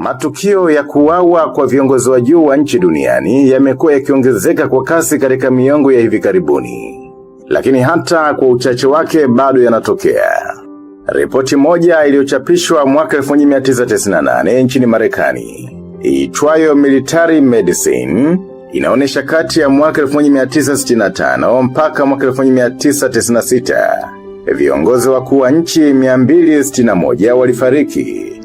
Matukio ya kuwawa kwa viongozi wa juu wa nchi duniani yamekuwa yakiongezeka kwa kasi katika miongo ya hivi karibuni, lakini hata kwa uchache wake bado yanatokea. Ripoti moja iliyochapishwa mwaka 1998 nchini Marekani iitwayo Military Medicine inaonyesha kati ya mwaka 1965 mpaka mwaka 1996 viongozi wakuu wa nchi 261 walifariki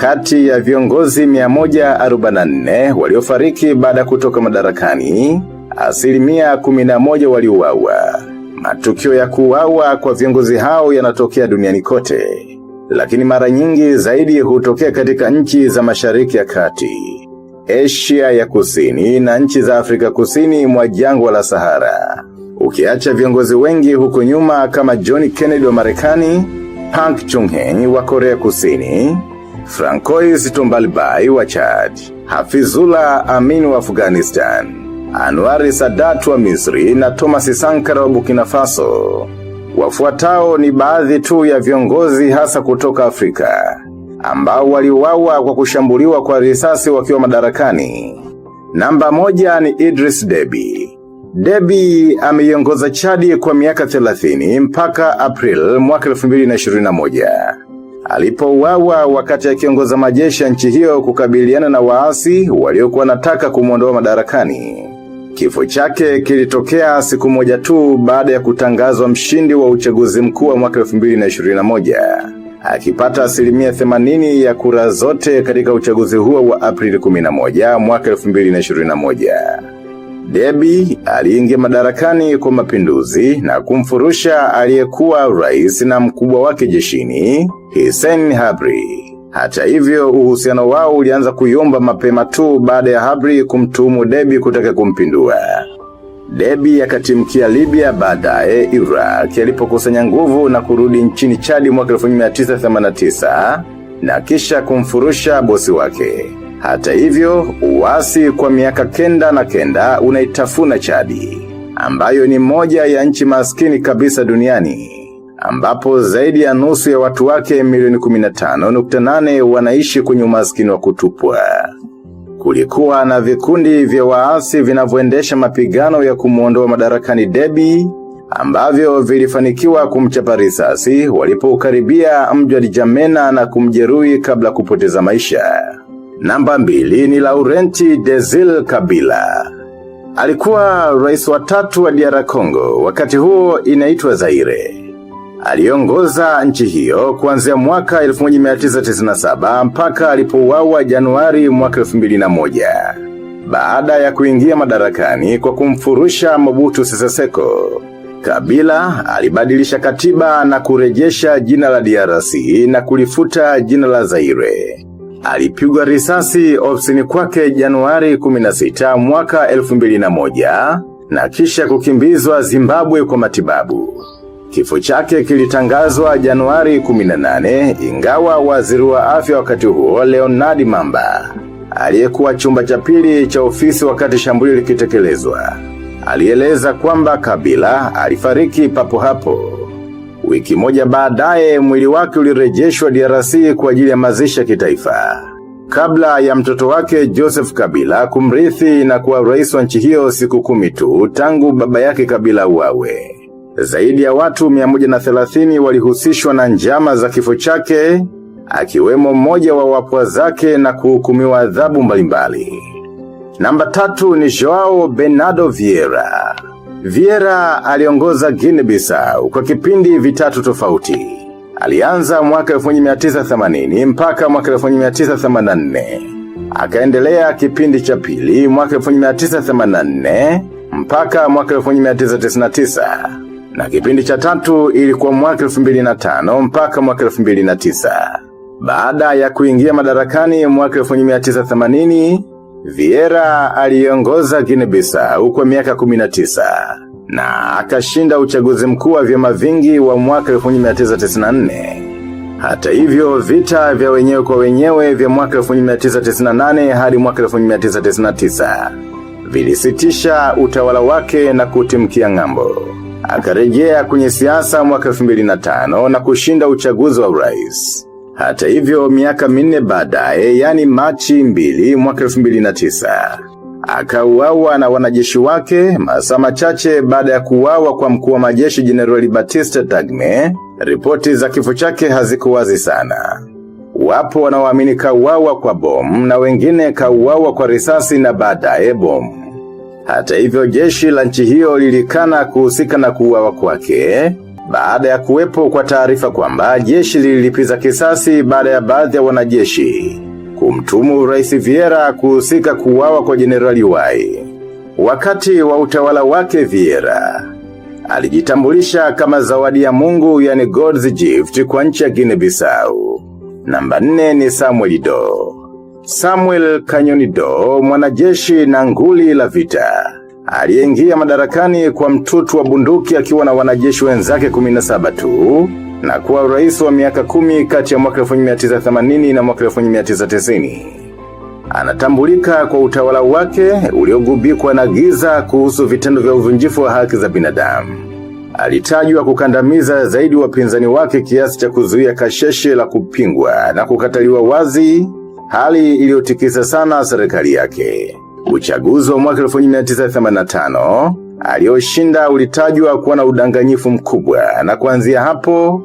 kati ya viongozi 144 waliofariki baada kutoka madarakani, asilimia 11 waliuawa. Matukio ya kuwawa kwa viongozi hao yanatokea duniani kote, lakini mara nyingi zaidi hutokea katika nchi za Mashariki ya Kati, Asia ya Kusini na nchi za Afrika Kusini mwa jangwa la Sahara. Ukiacha viongozi wengi huko nyuma kama Johnny Kennedy wa Marekani, hank chung hen wa Korea Kusini, Francois Tombalbay wa Chad, Hafizullah Amin wa Afghanistan, Anwari Sadat wa Misri na Thomas Sankara wa Burkina Faso. Wafuatao ni baadhi tu ya viongozi hasa kutoka Afrika ambao waliuawa kwa kushambuliwa kwa risasi wakiwa madarakani. Namba moja ni Idris Deby. Deby ameiongoza Chadi kwa miaka 30 mpaka April mwaka 2021 alipouawa wakati akiongoza majeshi ya nchi hiyo kukabiliana na waasi waliokuwa wanataka kumwondoa madarakani. Kifo chake kilitokea siku moja tu baada ya kutangazwa mshindi wa uchaguzi mkuu wa mwaka 2021 akipata asilimia 80 ya kura zote katika uchaguzi huo wa Aprili 11 mwaka 2021 debi aliingia madarakani kwa mapinduzi na kumfurusha aliyekuwa rais na mkubwa wake jeshini, Hissène Habri. Hata hivyo, uhusiano wao ulianza kuyumba mapema tu baada ya Habri kumtuhumu Debi kutaka kumpindua. Debi akatimkia Libya baadaye Iraq alipokusanya nguvu na kurudi nchini Chadi mwaka 1989 na kisha kumfurusha bosi wake. Hata hivyo, uwasi kwa miaka kenda na kenda unaitafuna Chadi, ambayo ni moja ya nchi maskini kabisa duniani ambapo zaidi ya nusu ya watu wake milioni nane wanaishi kwenye umaskini wa kutupwa. Kulikuwa na vikundi vya waasi vinavyoendesha mapigano ya kumwondoa madarakani Debi ambavyo vilifanikiwa kumchapa risasi walipo ukaribia mjwa dijamena na kumjeruhi kabla kupoteza maisha. Namba mbili ni Laurenti Dezil Kabila. Alikuwa rais wa tatu wa DR Congo, wakati huo inaitwa Zaire. Aliongoza nchi hiyo kuanzia mwaka 1997 mpaka alipouawa Januari mwaka 2001. Baada ya kuingia madarakani kwa kumfurusha Mobutu Sese Seko, Kabila alibadilisha katiba na kurejesha jina la DRC na kulifuta jina la Zaire alipigwa risasi ofisini kwake Januari 16 mwaka 2001 na kisha kukimbizwa Zimbabwe kwa matibabu. Kifo chake kilitangazwa Januari 18 ingawa waziri wa afya wakati huo Leonard Mamba aliyekuwa chumba cha pili cha ofisi wakati shambulio likitekelezwa alieleza kwamba Kabila alifariki papo hapo. Wiki moja baadaye mwili wake ulirejeshwa DRC kwa ajili ya mazishi ya kitaifa kabla ya mtoto wake Joseph Kabila kumrithi na kuwa rais wa nchi hiyo siku kumi tu tangu baba yake Kabila uawe. Zaidi ya watu 130 walihusishwa na njama za kifo chake, akiwemo mmoja wa wapwa zake na kuhukumiwa adhabu mbalimbali. Namba tatu ni Joao Bernardo Vieira viera aliongoza Ginebisa kwa kipindi vitatu tofauti. Alianza mwaka 1980 mpaka mwaka 1984. Akaendelea kipindi cha pili mwaka 1984 mpaka mwaka tisa. Na kipindi cha tatu ilikuwa mwaka tano mpaka mwaka tisa. Baada ya kuingia madarakani mwaka 1980 viera aliongoza ginebisa ukwa miaka 19 na akashinda uchaguzi mkuu wa vyama vingi wa mwaka nane. Hata hivyo vita vya wenyewe kwa wenyewe vya mwaka nane hadi mwaka 1999 vilisitisha utawala wake na kutimkia ng'ambo. Akarejea kwenye siasa mwaka 2005 na kushinda uchaguzi wa urais. Hata hivyo miaka minne baadaye, yani Machi mbili mwaka 2009 akauawa na wanajeshi wake masaa machache baada ya kuuawa kwa mkuu wa majeshi generali Batista Tagme. Ripoti za kifo chake hazikuwazi sana. Wapo wanaoamini kauawa kwa bomu na wengine kauawa kwa risasi na baadaye bomu. Hata hivyo jeshi la nchi hiyo lilikana kuhusika na kuuawa kwake baada ya kuwepo kwa taarifa kwamba jeshi lililipiza kisasi baada ya baadhi ya wanajeshi kumtumu Rais viera kuhusika kuuawa kwa Jenerali Wai. Wakati wa utawala wake viera alijitambulisha kama zawadi ya Mungu, yani God's gift kwa nchi ya Guinea Bissau. Namba nne ni Samuel Doe. Samuel kanyonido Doe, mwanajeshi na nguli la vita aliyeingia madarakani kwa mtutu wa bunduki akiwa na wanajeshi wenzake 17 tu na kuwa rais wa miaka kumi kati ya mwaka 1980 na mwaka 1990. Anatambulika kwa utawala wake uliogubikwa na giza kuhusu vitendo vya uvunjifu wa haki za binadamu. Alitajwa kukandamiza zaidi wapinzani wake kiasi cha kuzuia kasheshe la kupingwa na kukataliwa wazi, hali iliyotikisa sana serikali yake. Uchaguzi wa mwaka 1985 alioshinda ulitajwa kuwa na udanganyifu mkubwa, na kuanzia hapo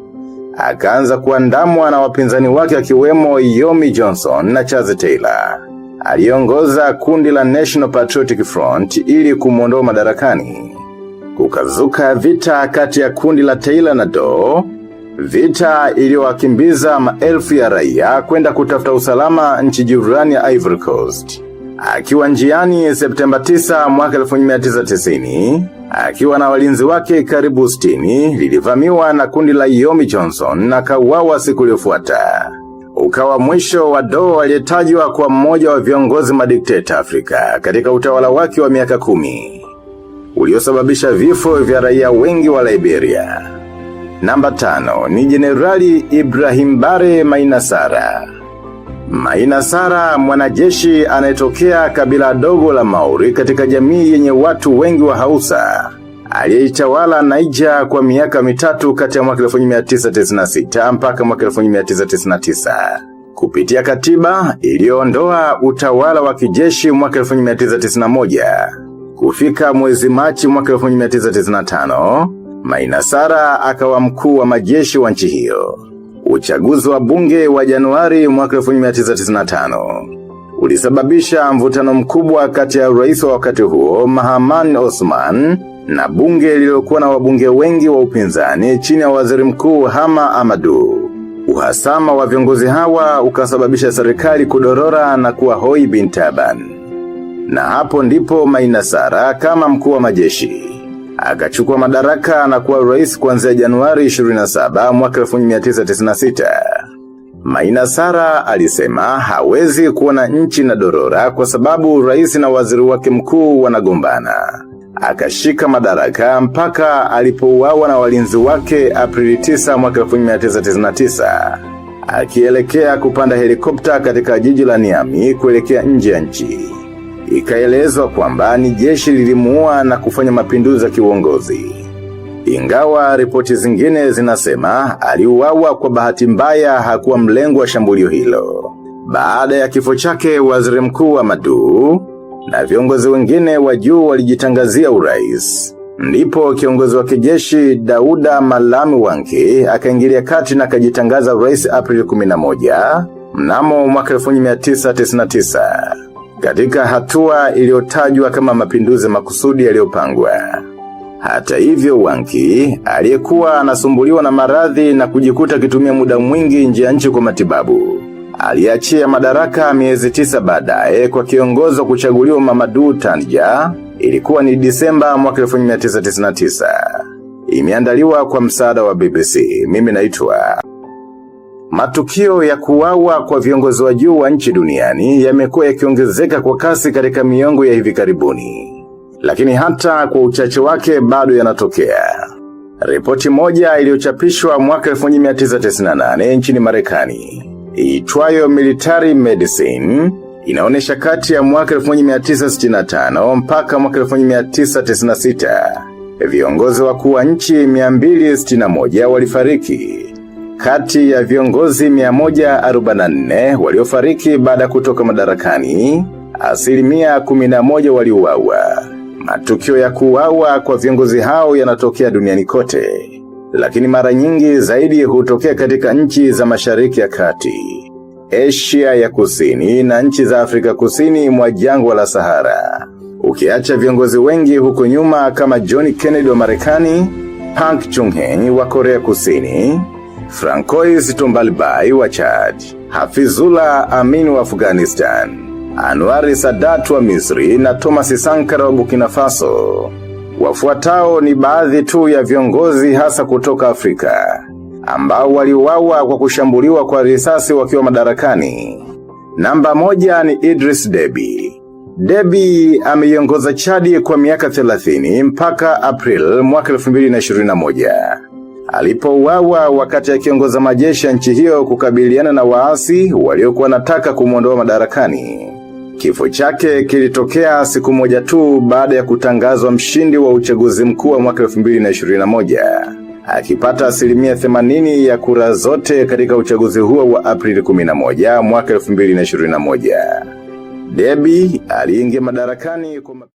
akaanza kuandamwa na wapinzani wake akiwemo Yomi Johnson na Charles Taylor. Aliongoza kundi la National Patriotic Front ili kumwondoa madarakani. Kukazuka vita kati ya kundi la Taylor na Doe, vita iliyowakimbiza maelfu ya raia kwenda kutafuta usalama nchi jirani ya Ivory Coast. Akiwa njiani Septemba 9 mwaka 1990, akiwa na walinzi wake karibu 60 lilivamiwa na kundi la Yomi Johnson na kauawa siku iliyofuata. Ukawa mwisho wa Doe aliyetajwa kwa mmoja wa viongozi madikteta Afrika katika utawala wake wa miaka kumi, uliosababisha vifo vya raia wengi wa Liberia. Namba tano ni Jenerali Ibrahim Bare Mainasara Maina Sara, mwanajeshi anayetokea kabila dogo la mauri katika jamii yenye watu wengi wa Hausa, aliyeitawala Naija kwa miaka mitatu kati ya mwaka 1996 mpaka mwaka 1999 kupitia katiba iliyoondoa utawala wa kijeshi mwaka 1991. Kufika mwezi Machi mwaka 1995, Maina Sara akawa mkuu wa majeshi wa nchi hiyo uchaguzi wa bunge wa Januari mwaka 1995 ulisababisha mvutano mkubwa kati ya rais wa wakati huo Mahaman Osman na bunge lililokuwa na wabunge wengi wa upinzani chini ya waziri mkuu Hama Amadu. Uhasama wa viongozi hawa ukasababisha serikali kudorora na kuwa hoi bin taban. Na hapo ndipo Mainasara kama mkuu wa majeshi akachukua madaraka na kuwa rais kuanzia Januari 27 mwaka 1996. Maina Sara alisema hawezi kuona nchi na dorora kwa sababu rais na waziri wake mkuu wanagombana. Akashika madaraka mpaka alipouawa na walinzi wake Aprili 9 mwaka 1999 akielekea kupanda helikopta katika jiji la Niami kuelekea nje ya nchi. Ikaelezwa kwamba ni jeshi lilimuua na kufanya mapinduzi ya kiuongozi. Ingawa ripoti zingine zinasema aliuawa kwa bahati mbaya hakuwa mlengo wa shambulio hilo. Baada ya kifo chake waziri mkuu wa Madu na viongozi wengine wa juu walijitangazia urais. Ndipo kiongozi wa kijeshi Dauda Malami Wanki akaingilia kati na akajitangaza urais Aprili 11 mnamo mwaka 1999 katika hatua iliyotajwa kama mapinduzi makusudi yaliyopangwa. Hata hivyo Wanki aliyekuwa anasumbuliwa na maradhi na kujikuta kitumia muda mwingi nje ya nchi kwa matibabu. Aliachia madaraka miezi tisa baadaye kwa kiongozi wa kuchaguliwa Mamadu Tanja, ilikuwa ni Disemba mwaka tisa. Imeandaliwa kwa msaada wa BBC. Mimi naitwa Matukio ya kuwawa kwa viongozi wa juu wa nchi duniani yamekuwa yakiongezeka kwa kasi katika miongo ya hivi karibuni, lakini hata kwa uchache wake bado yanatokea. Ripoti moja iliyochapishwa mwaka 1998 nchini Marekani iitwayo Military Medicine inaonyesha kati ya mwaka 1965 mpaka mwaka 1996 viongozi wakuu wa nchi 261 walifariki kati ya viongozi nne waliofariki baada ya kutoka madarakani, asilimia 11 waliuawa. Matukio ya kuawa kwa viongozi hao yanatokea duniani kote, lakini mara nyingi zaidi hutokea katika nchi za Mashariki ya Kati, Asia ya Kusini na nchi za Afrika Kusini mwa jangwa la Sahara. Ukiacha viongozi wengi huko nyuma kama John Kennedy wa Marekani, Hank chung hen wa Korea Kusini, Francois Tombalbay wa Chad, Hafizullah Amin wa Afghanistan, Anwari Sadat wa Misri na Thomas Sankara wa Burkina Faso. Wafuatao ni baadhi tu ya viongozi hasa kutoka Afrika ambao waliuawa kwa kushambuliwa kwa risasi wakiwa madarakani. Namba moja ni Idris Deby. Deby ameiongoza Chadi kwa miaka 30 mpaka April mwaka 2021 alipouawa wakati akiongoza majeshi ya nchi hiyo kukabiliana na waasi waliokuwa wanataka kumwondoa madarakani. Kifo chake kilitokea siku moja tu baada ya kutangazwa mshindi wa uchaguzi mkuu wa mwaka 2021 akipata asilimia 80 ya kura zote katika uchaguzi huo wa Aprili 11 mwaka 2021. Debi aliingia madarakani kwa